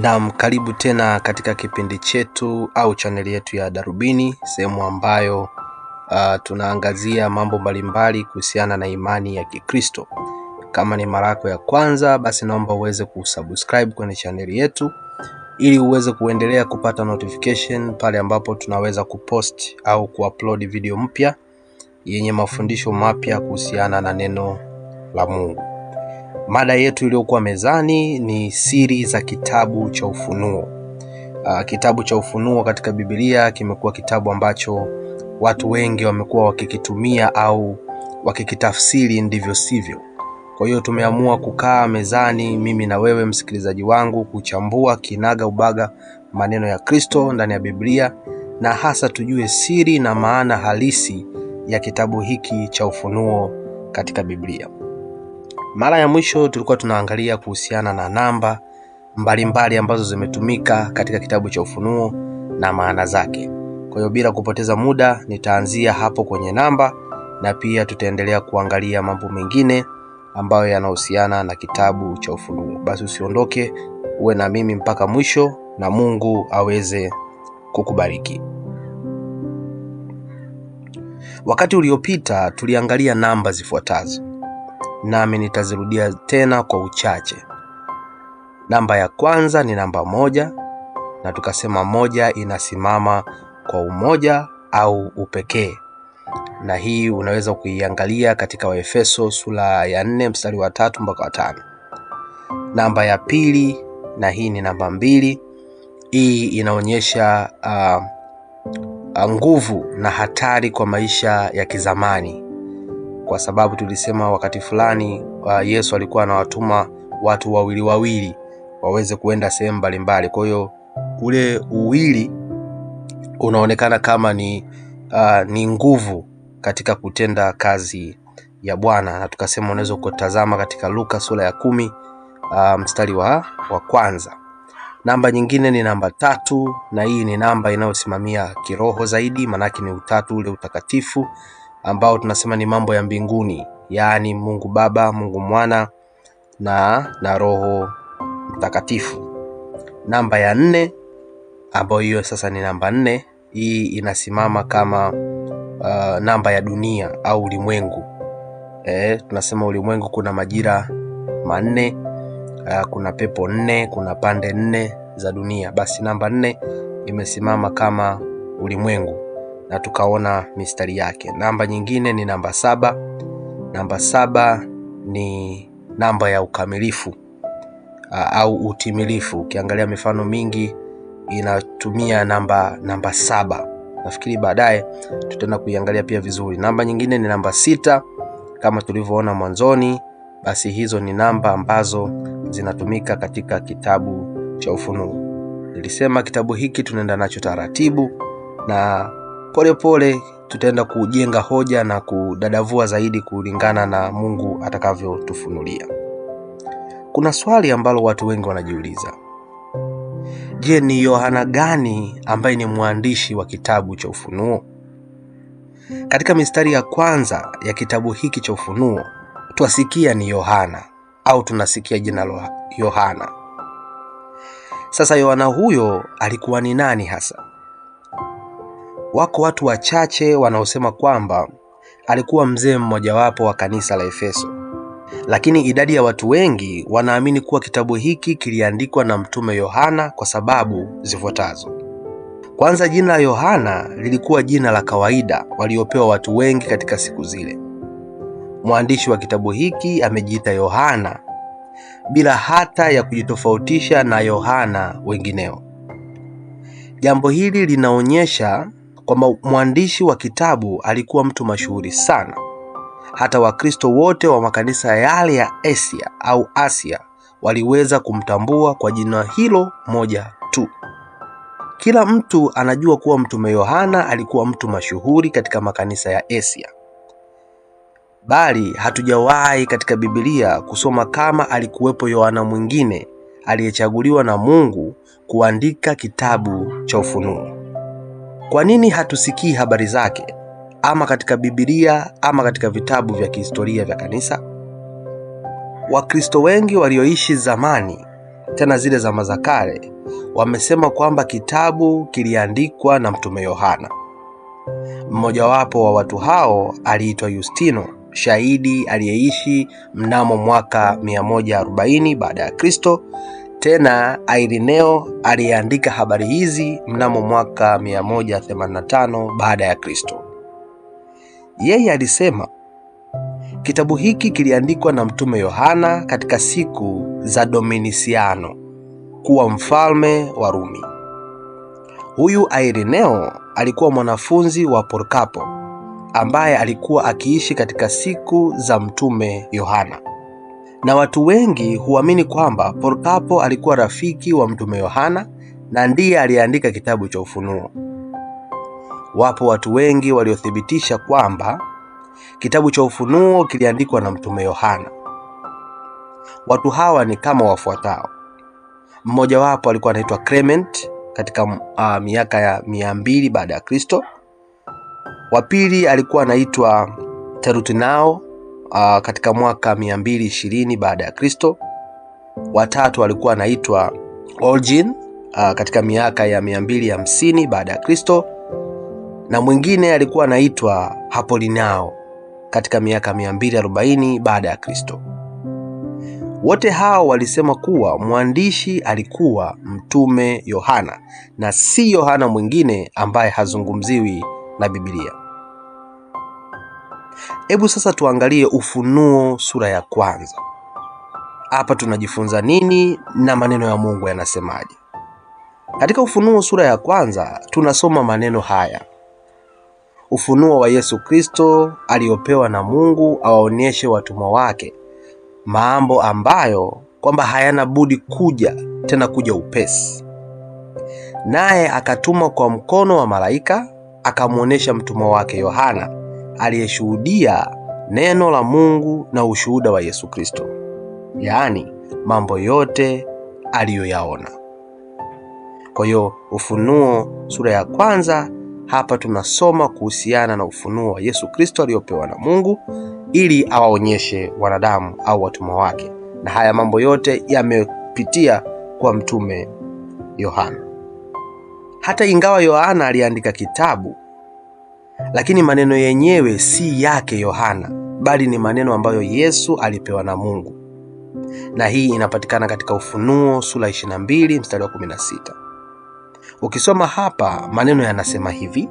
Naam, karibu tena katika kipindi chetu au chaneli yetu ya Darubini, sehemu ambayo uh, tunaangazia mambo mbalimbali kuhusiana na imani ya Kikristo. Kama ni mara yako ya kwanza, basi naomba uweze kusubscribe kwenye chaneli yetu ili uweze kuendelea kupata notification pale ambapo tunaweza kupost au kuupload video mpya yenye mafundisho mapya kuhusiana na neno la Mungu. Mada yetu iliyokuwa mezani ni siri za kitabu cha Ufunuo. Uh, kitabu cha Ufunuo katika bibilia kimekuwa kitabu ambacho watu wengi wamekuwa wakikitumia au wakikitafsiri ndivyo sivyo. Kwa hiyo tumeamua kukaa mezani, mimi na wewe msikilizaji wangu, kuchambua kinaga ubaga maneno ya Kristo ndani ya Biblia na hasa tujue siri na maana halisi ya kitabu hiki cha Ufunuo katika Biblia. Mara ya mwisho tulikuwa tunaangalia kuhusiana na namba mbalimbali mbali ambazo zimetumika katika kitabu cha Ufunuo na maana zake. Kwa hiyo bila kupoteza muda, nitaanzia hapo kwenye namba na pia tutaendelea kuangalia mambo mengine ambayo yanahusiana na kitabu cha Ufunuo. Basi usiondoke, uwe na mimi mpaka mwisho na Mungu aweze kukubariki. Wakati uliopita tuliangalia namba zifuatazo: nami nitazirudia tena kwa uchache. Namba ya kwanza ni namba moja, na tukasema moja inasimama kwa umoja au upekee, na hii unaweza kuiangalia katika Waefeso sura ya nne mstari wa tatu mpaka wa tano. Namba ya pili, na hii ni namba mbili, hii inaonyesha uh, nguvu na hatari kwa maisha ya kizamani kwa sababu tulisema wakati fulani uh, Yesu alikuwa anawatuma watu wawili wawili waweze kuenda sehemu mbalimbali. Kwa hiyo ule uwili unaonekana kama ni, uh, ni nguvu katika kutenda kazi ya Bwana, na tukasema unaweza kutazama katika Luka sura ya kumi uh, mstari wa, wa kwanza. Namba nyingine ni namba tatu, na hii ni namba inayosimamia kiroho zaidi, maanake ni utatu ule utakatifu ambao tunasema ni mambo ya mbinguni, yaani Mungu Baba, Mungu Mwana na, na Roho Mtakatifu. Namba ya nne ambayo hiyo sasa ni namba nne, hii inasimama kama uh, namba ya dunia au ulimwengu. E, tunasema ulimwengu kuna majira manne uh, kuna pepo nne, kuna pande nne za dunia. Basi namba nne imesimama kama ulimwengu na tukaona mistari yake. Namba nyingine ni namba saba. Namba saba ni namba ya ukamilifu uh, au utimilifu. Ukiangalia mifano mingi inatumia namba namba saba. Nafikiri baadaye tutaenda kuiangalia pia vizuri. Namba nyingine ni namba sita kama tulivyoona mwanzoni. Basi hizo ni namba ambazo zinatumika katika kitabu cha Ufunuo. Nilisema kitabu hiki tunaenda nacho taratibu na polepole tutaenda kujenga hoja na kudadavua zaidi kulingana na Mungu atakavyotufunulia. Kuna swali ambalo watu wengi wanajiuliza. Je, ni Yohana gani ambaye ni mwandishi wa kitabu cha Ufunuo? Katika mistari ya kwanza ya kitabu hiki cha Ufunuo twasikia ni Yohana au tunasikia jina la Yohana. Sasa Yohana huyo alikuwa ni nani hasa? Wako watu wachache wanaosema kwamba alikuwa mzee mmojawapo wa kanisa la Efeso, lakini idadi ya watu wengi wanaamini kuwa kitabu hiki kiliandikwa na mtume Yohana kwa sababu zifuatazo. Kwanza, jina la Yohana lilikuwa jina la kawaida waliopewa watu wengi katika siku zile. Mwandishi wa kitabu hiki amejiita Yohana bila hata ya kujitofautisha na Yohana wengineo. Jambo hili linaonyesha kwamba mwandishi wa kitabu alikuwa mtu mashuhuri sana. Hata Wakristo wote wa makanisa yale ya Asia au Asia waliweza kumtambua kwa jina hilo moja tu. Kila mtu anajua kuwa Mtume Yohana alikuwa mtu mashuhuri katika makanisa ya Asia, bali hatujawahi katika Biblia kusoma kama alikuwepo Yohana mwingine aliyechaguliwa na Mungu kuandika kitabu cha Ufunuo. Kwa nini hatusikii habari zake ama katika Biblia ama katika vitabu vya kihistoria vya kanisa? Wakristo wengi walioishi zamani, tena zile zama za kale, wamesema kwamba kitabu kiliandikwa na mtume Yohana. Mmojawapo wa watu hao aliitwa Yustino, shahidi aliyeishi mnamo mwaka 140 baada ya Kristo tena Ireneo aliyeandika habari hizi mnamo mwaka 185 baada ya Kristo. Yeye alisema kitabu hiki kiliandikwa na mtume Yohana katika siku za Dominisiano kuwa mfalme wa Rumi. Huyu Ireneo alikuwa mwanafunzi wa Porkapo ambaye alikuwa akiishi katika siku za mtume Yohana na watu wengi huamini kwamba porkapo alikuwa rafiki wa Mtume Yohana na ndiye aliyeandika kitabu cha Ufunuo. Wapo watu wengi waliothibitisha kwamba kitabu cha Ufunuo kiliandikwa na Mtume Yohana. Watu hawa ni kama wafuatao. Mmojawapo alikuwa anaitwa Clement katika uh, miaka ya mia mbili baada ya Kristo. Wa pili alikuwa anaitwa Tertuliano uh, katika mwaka 220 baada ya Kristo. Watatu alikuwa anaitwa Origen uh, ah, katika miaka ya 250 baada ya Kristo, na mwingine alikuwa anaitwa Apolinao katika miaka 240 baada ya Kristo. Wote hao walisema kuwa mwandishi alikuwa Mtume Yohana na si Yohana mwingine ambaye hazungumziwi na Biblia. Hebu sasa tuangalie Ufunuo sura ya kwanza. Hapa tunajifunza nini na maneno ya Mungu yanasemaje? Katika Ufunuo sura ya kwanza tunasoma maneno haya: ufunuo wa Yesu Kristo aliyopewa na Mungu awaonyeshe watumwa wake mambo ambayo kwamba hayana budi kuja tena kuja upesi. Naye akatuma kwa mkono wa malaika akamwonyesha mtumwa wake Yohana aliyeshuhudia neno la Mungu na ushuhuda wa Yesu Kristo, yaani mambo yote aliyoyaona. Kwa hiyo Ufunuo sura ya kwanza, hapa tunasoma kuhusiana na ufunuo wa Yesu Kristo aliyopewa na Mungu ili awaonyeshe wanadamu au watumwa wake, na haya mambo yote yamepitia kwa mtume Yohana. Hata ingawa Yohana aliandika kitabu lakini maneno yenyewe si yake Yohana, bali ni maneno ambayo Yesu alipewa na Mungu, na hii inapatikana katika Ufunuo sura 22 mstari wa 16. Ukisoma hapa maneno yanasema hivi: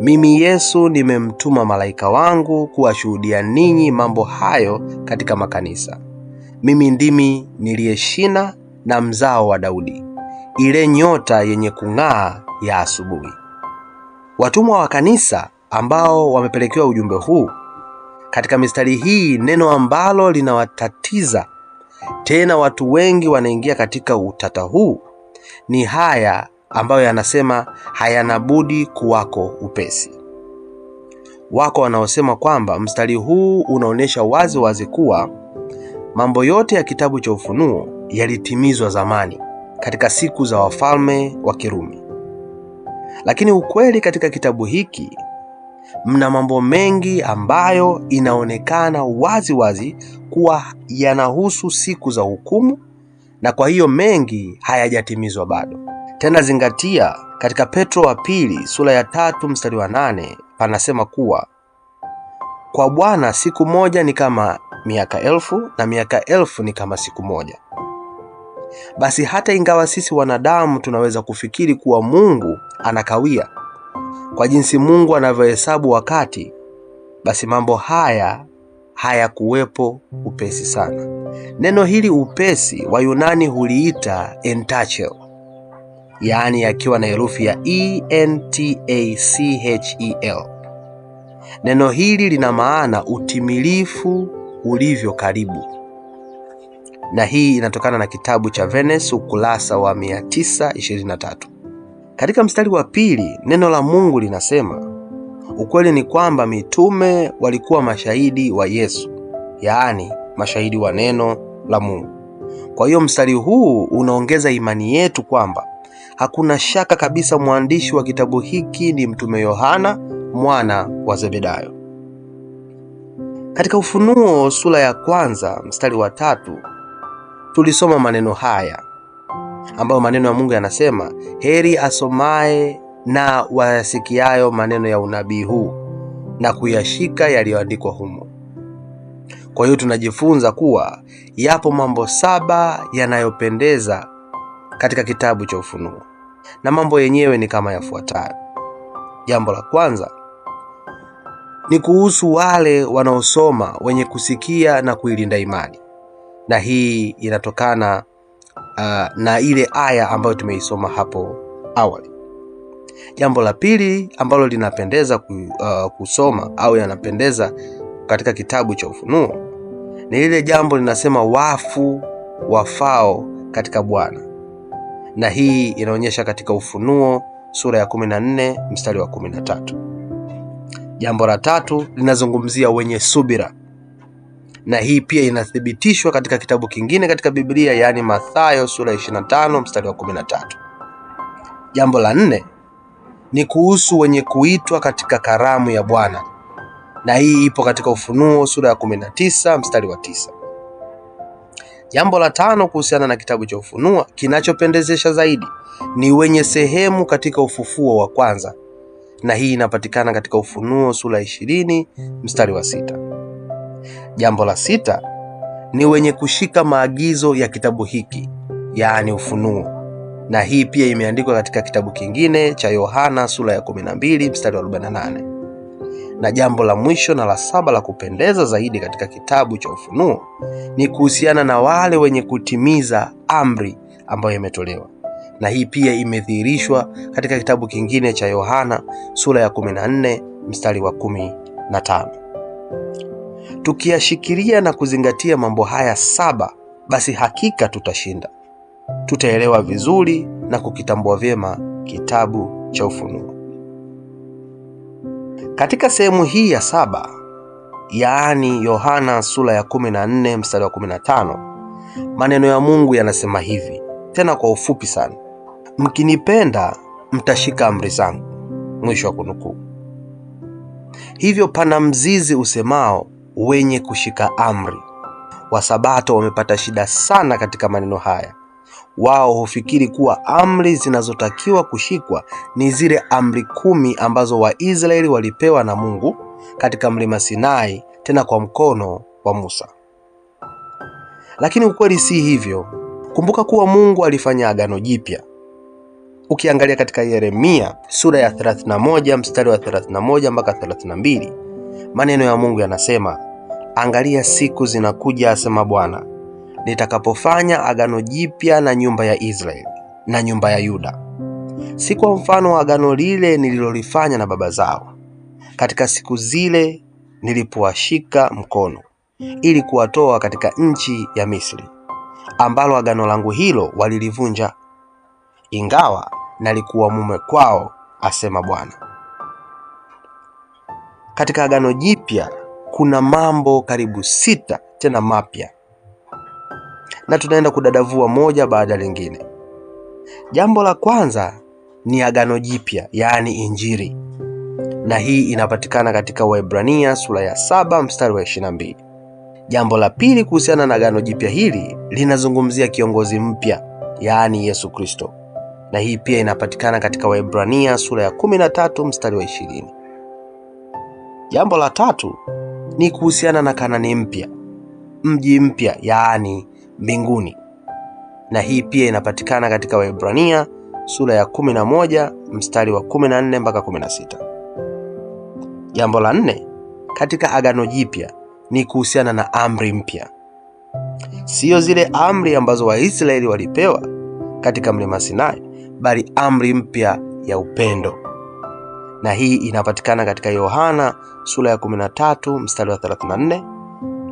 mimi Yesu nimemtuma malaika wangu kuwashuhudia ninyi mambo hayo katika makanisa. Mimi ndimi niliyeshina na mzao wa Daudi, ile nyota yenye kung'aa ya asubuhi. Watumwa wa kanisa ambao wamepelekewa ujumbe huu katika mistari hii, neno ambalo linawatatiza tena watu wengi wanaingia katika utata huu ni haya ambayo yanasema hayana budi kuwako upesi. Wako wanaosema kwamba mstari huu unaonyesha wazi wazi kuwa mambo yote ya kitabu cha Ufunuo yalitimizwa zamani katika siku za wafalme wa Kirumi. Lakini ukweli katika kitabu hiki mna mambo mengi ambayo inaonekana wazi wazi kuwa yanahusu siku za hukumu, na kwa hiyo mengi hayajatimizwa bado. Tena zingatia katika Petro wa pili sura ya tatu mstari wa nane panasema kuwa kwa Bwana siku moja ni kama miaka elfu na miaka elfu ni kama siku moja. Basi hata ingawa sisi wanadamu tunaweza kufikiri kuwa Mungu anakawia kwa jinsi Mungu anavyohesabu wakati, basi mambo haya hayakuwepo upesi sana. Neno hili upesi, wa yunani huliita entachel, yaani yakiwa na herufi ya E N T A C H E L. Neno hili lina maana utimilifu ulivyo karibu na hii inatokana na kitabu cha Venice ukurasa wa 923. Katika mstari wa pili neno la Mungu linasema ukweli ni kwamba mitume walikuwa mashahidi wa Yesu, yaani mashahidi wa neno la Mungu. Kwa hiyo mstari huu unaongeza imani yetu kwamba hakuna shaka kabisa mwandishi wa kitabu hiki ni mtume Yohana mwana wa Zebedayo. Katika Ufunuo sura ya kwanza mstari wa tatu tulisoma maneno haya ambayo maneno ya Mungu yanasema, heri asomaye na wayasikiayo maneno ya unabii huu na kuyashika yaliyoandikwa humo. Kwa hiyo tunajifunza kuwa yapo mambo saba yanayopendeza katika kitabu cha Ufunuo, na mambo yenyewe ni kama yafuatayo. Jambo la kwanza ni kuhusu wale wanaosoma wenye kusikia na kuilinda imani na hii inatokana uh, na ile aya ambayo tumeisoma hapo awali. Jambo la pili ambalo linapendeza ku, uh, kusoma au yanapendeza katika kitabu cha Ufunuo ni lile jambo linasema wafu wafao katika Bwana, na hii inaonyesha katika Ufunuo sura ya 14 mstari wa 13. Jambo la tatu linazungumzia wenye subira na hii pia inathibitishwa katika kitabu kingine katika Biblia, yaani Mathayo sura 25 mstari wa 13. Jambo la nne ni kuhusu wenye kuitwa katika karamu ya Bwana, na hii ipo katika Ufunuo sura ya 19 mstari wa tisa. Jambo la tano kuhusiana na kitabu cha Ufunuo kinachopendezesha zaidi ni wenye sehemu katika ufufuo wa kwanza, na hii inapatikana katika Ufunuo sura 20 mstari wa sita. Jambo la sita ni wenye kushika maagizo ya kitabu hiki, yaani Ufunuo, na hii pia imeandikwa katika kitabu kingine cha Yohana sura ya 12 mstari wa 48. Na jambo la mwisho na la saba la kupendeza zaidi katika kitabu cha Ufunuo ni kuhusiana na wale wenye kutimiza amri ambayo imetolewa, na hii pia imedhihirishwa katika kitabu kingine cha Yohana sura ya 14 mstari wa 15. Tukiyashikilia na kuzingatia mambo haya saba, basi hakika tutashinda, tutaelewa vizuri na kukitambua vyema kitabu cha Ufunuo. Katika sehemu hii ya saba, yaani Yohana sura ya 14 mstari wa 15, maneno ya Mungu yanasema hivi, tena kwa ufupi sana: mkinipenda mtashika amri zangu. Mwisho wa kunukuu. Hivyo pana mzizi usemao wenye kushika amri. Wasabato wamepata shida sana katika maneno haya. Wao hufikiri kuwa amri zinazotakiwa kushikwa ni zile amri kumi ambazo Waisraeli walipewa na Mungu katika mlima Sinai, tena kwa mkono wa Musa. Lakini ukweli si hivyo. Kumbuka kuwa Mungu alifanya agano jipya. Ukiangalia katika Yeremia sura ya 31 mstari wa 31 mpaka 32 Maneno ya Mungu yanasema, angalia siku zinakuja, asema Bwana, nitakapofanya agano jipya na nyumba ya Israeli na nyumba ya Yuda, si kwa mfano wa agano lile nililolifanya na baba zao katika siku zile nilipowashika mkono ili kuwatoa katika nchi ya Misri, ambalo agano langu hilo walilivunja, ingawa nalikuwa mume kwao, asema Bwana. Katika Agano Jipya kuna mambo karibu sita tena mapya, na tunaenda kudadavua moja baada lingine. Jambo la kwanza ni Agano Jipya, yaani Injili, na hii inapatikana katika Waebrania sura ya saba mstari wa 22. Jambo la pili kuhusiana na Agano Jipya hili linazungumzia kiongozi mpya, yaani Yesu Kristo, na hii pia inapatikana katika Waebrania sura ya 13 mstari wa ishirini. Jambo la tatu ni kuhusiana na Kanani mpya, mji mpya, yaani mbinguni, na hii pia inapatikana katika Waebrania sura ya 11 mstari wa 14 mpaka 16. Jambo la nne katika Agano Jipya ni kuhusiana na amri mpya, siyo zile amri ambazo Waisraeli walipewa katika mlima Sinai, bali amri mpya ya upendo na hii inapatikana katika Yohana sura ya 13 mstari wa 34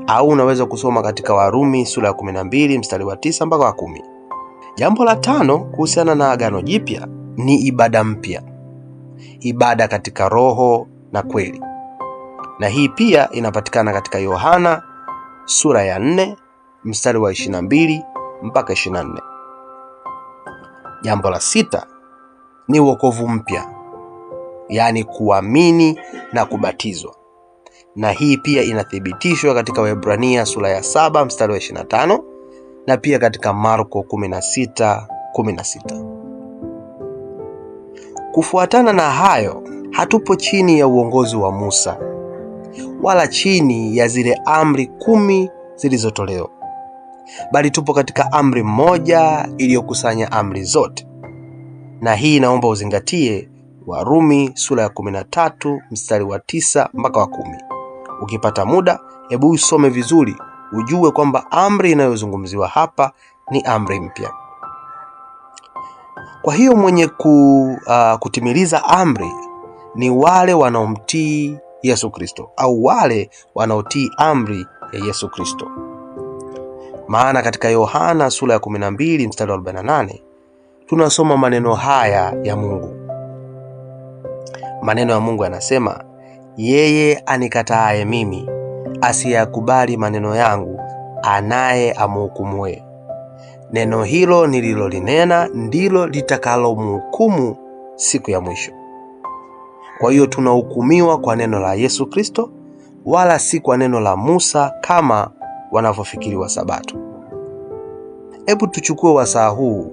au unaweza kusoma katika Warumi sura ya 12 mstari wa 9 mpaka wa 10. Jambo la tano kuhusiana na Agano Jipya ni ibada mpya, ibada katika roho na kweli, na hii pia inapatikana katika Yohana sura ya 4 mstari wa 22 mpaka 24. Jambo la sita ni wokovu mpya yaani kuamini na kubatizwa na hii pia inathibitishwa katika Waebrania sura ya saba mstari wa 25 na pia katika Marko 16 16. Kufuatana na hayo, hatupo chini ya uongozi wa Musa wala chini ya zile amri kumi zilizotolewa, bali tupo katika amri moja iliyokusanya amri zote, na hii naomba uzingatie Warumi sura ya 13 mstari wa tisa mpaka wa kumi. Ukipata muda, hebu usome vizuri, ujue kwamba amri inayozungumziwa hapa ni amri mpya. Kwa hiyo mwenye ku, uh, kutimiliza amri ni wale wanaomtii Yesu Kristo au wale wanaotii amri ya Yesu Kristo. Maana katika Yohana sura ya 12 mstari wa 48 tunasoma maneno haya ya Mungu, Maneno ya Mungu yanasema, yeye anikataaye mimi, asiyakubali maneno yangu, anaye amuhukumuwe Neno hilo nililolinena ndilo litakalomhukumu siku ya mwisho. Kwa hiyo tunahukumiwa kwa neno la Yesu Kristo, wala si kwa neno la Musa kama wanavyofikiri sabato Hebu tuchukue wasaa huu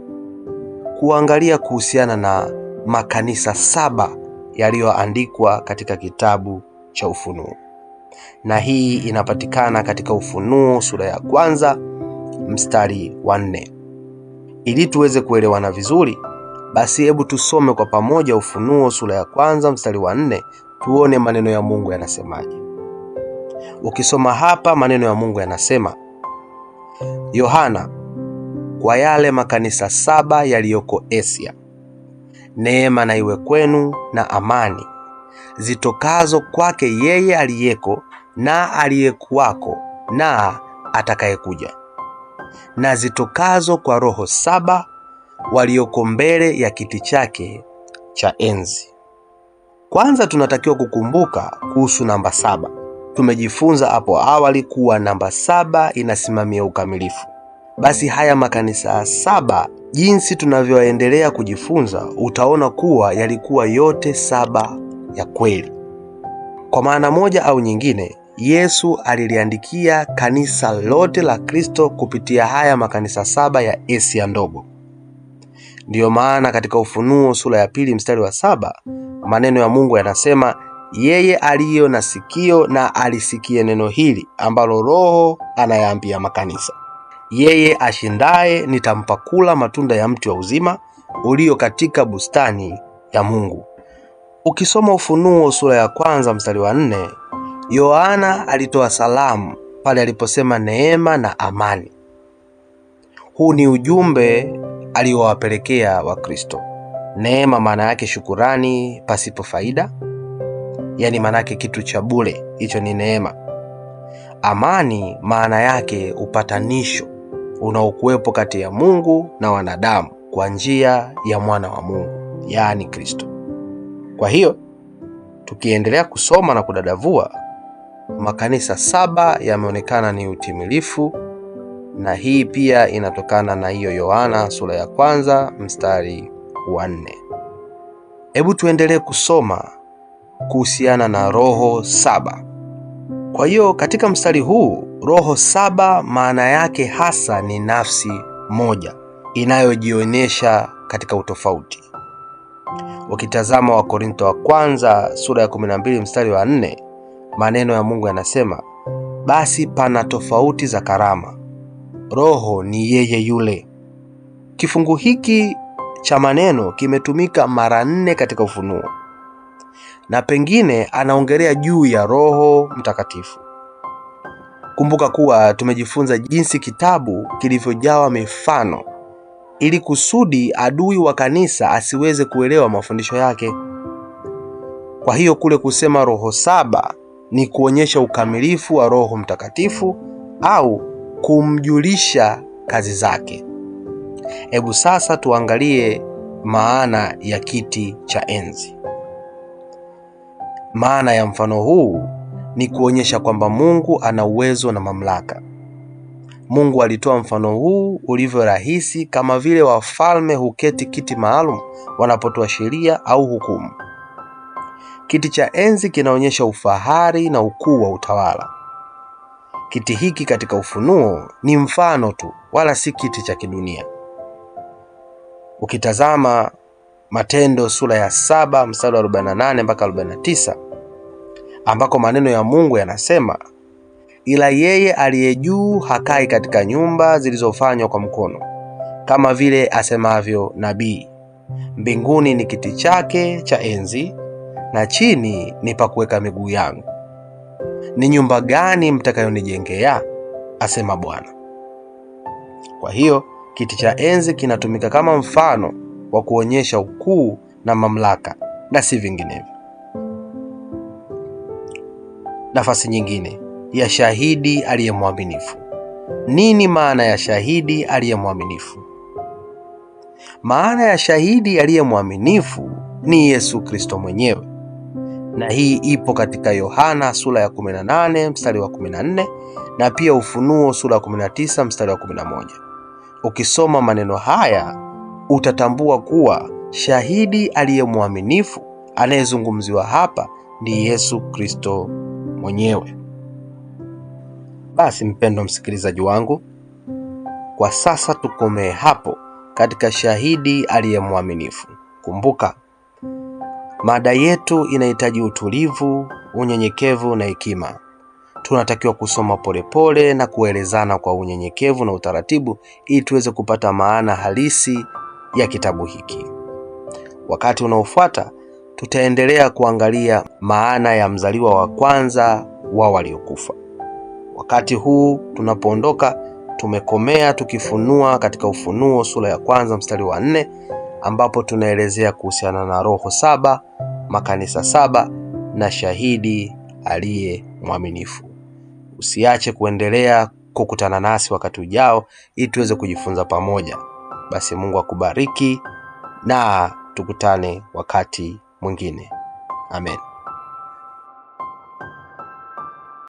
kuangalia kuhusiana na makanisa saba yaliyoandikwa katika kitabu cha Ufunuo, na hii inapatikana katika Ufunuo sura ya kwanza mstari wa nne. Ili tuweze kuelewana vizuri, basi hebu tusome kwa pamoja Ufunuo sura ya kwanza mstari wa nne, tuone maneno ya Mungu yanasemaje. Ukisoma hapa maneno ya Mungu yanasema, Yohana kwa yale makanisa saba yaliyoko Asia Neema na iwe kwenu na amani zitokazo kwake yeye aliyeko na aliyekuwako na atakayekuja, na zitokazo kwa roho saba walioko mbele ya kiti chake cha enzi. Kwanza tunatakiwa kukumbuka kuhusu namba saba. Tumejifunza hapo awali kuwa namba saba inasimamia ukamilifu. Basi haya makanisa saba, jinsi tunavyoendelea kujifunza, utaona kuwa yalikuwa yote saba ya kweli. Kwa maana moja au nyingine, Yesu aliliandikia kanisa lote la Kristo kupitia haya makanisa saba ya Asia ndogo. Ndiyo maana katika Ufunuo sura ya pili mstari wa saba maneno ya Mungu yanasema, yeye aliyo na sikio na alisikie neno hili ambalo Roho anayaambia makanisa. Yeye ashindaye nitampa kula matunda ya mti wa uzima ulio katika bustani ya Mungu. Ukisoma Ufunuo sura ya kwanza mstari wa nne, Yohana alitoa salamu pale aliposema neema na amani. Huu ni ujumbe aliowapelekea Wakristo. Neema maana yake shukurani pasipo faida, yaani maana yake kitu cha bure, hicho ni neema. Amani maana yake upatanisho unaokuwepo kati ya Mungu na wanadamu kwa njia ya mwana wa Mungu, yaani Kristo. Kwa hiyo tukiendelea kusoma na kudadavua, makanisa saba yameonekana ni utimilifu, na hii pia inatokana na hiyo Yohana sura ya kwanza mstari wa nne. Hebu tuendelee kusoma kuhusiana na roho saba. Kwa hiyo katika mstari huu Roho saba maana yake hasa ni nafsi moja inayojionyesha katika utofauti. Ukitazama Wakorintho wa kwanza sura ya 12 mstari wa 4, maneno ya Mungu yanasema, basi pana tofauti za karama, Roho ni yeye yule. Kifungu hiki cha maneno kimetumika mara nne katika Ufunuo na pengine anaongelea juu ya Roho Mtakatifu. Kumbuka kuwa tumejifunza jinsi kitabu kilivyojawa mifano ili kusudi adui wa kanisa asiweze kuelewa mafundisho yake. Kwa hiyo kule kusema roho saba ni kuonyesha ukamilifu wa Roho Mtakatifu au kumjulisha kazi zake. Hebu sasa tuangalie maana ya kiti cha enzi. Maana ya mfano huu ni kuonyesha kwamba Mungu ana uwezo na mamlaka. Mungu alitoa mfano huu ulivyo rahisi kama vile wafalme huketi kiti maalum wanapotoa sheria au hukumu. Kiti cha enzi kinaonyesha ufahari na ukuu wa utawala. Kiti hiki katika Ufunuo ni mfano tu, wala si kiti cha kidunia. Ukitazama Matendo sura ya 7 mstari wa 48 mpaka 49 ambako maneno ya Mungu yanasema, ila yeye aliye juu hakai katika nyumba zilizofanywa kwa mkono, kama vile asemavyo nabii, mbinguni ni kiti chake cha enzi na chini ni pa kuweka miguu yangu. Ni nyumba gani mtakayonijengea? asema Bwana. Kwa hiyo kiti cha enzi kinatumika kama mfano wa kuonyesha ukuu na mamlaka na si vinginevyo nafasi nyingine ya shahidi aliye mwaminifu. Nini maana ya shahidi aliye mwaminifu? Maana ya shahidi aliye mwaminifu ni Yesu Kristo mwenyewe, na hii ipo katika Yohana sura ya 18 mstari wa 14 na pia Ufunuo sura ya 19 mstari wa 11. Ukisoma maneno haya utatambua kuwa shahidi aliye mwaminifu anayezungumziwa hapa ni Yesu Kristo mwenyewe. Basi mpendwa msikilizaji wangu, kwa sasa tukomee hapo katika shahidi aliye mwaminifu. Kumbuka mada yetu inahitaji utulivu, unyenyekevu na hekima. Tunatakiwa kusoma polepole pole na kuelezana kwa unyenyekevu na utaratibu, ili tuweze kupata maana halisi ya kitabu hiki. Wakati unaofuata tutaendelea kuangalia maana ya mzaliwa wa kwanza wa waliokufa. Wakati huu tunapoondoka, tumekomea tukifunua katika Ufunuo sura ya kwanza mstari wa nne ambapo tunaelezea kuhusiana na roho saba, makanisa saba na shahidi aliye mwaminifu. Usiache kuendelea kukutana nasi wakati ujao ili tuweze kujifunza pamoja. Basi Mungu akubariki na tukutane wakati mwingine. Amen.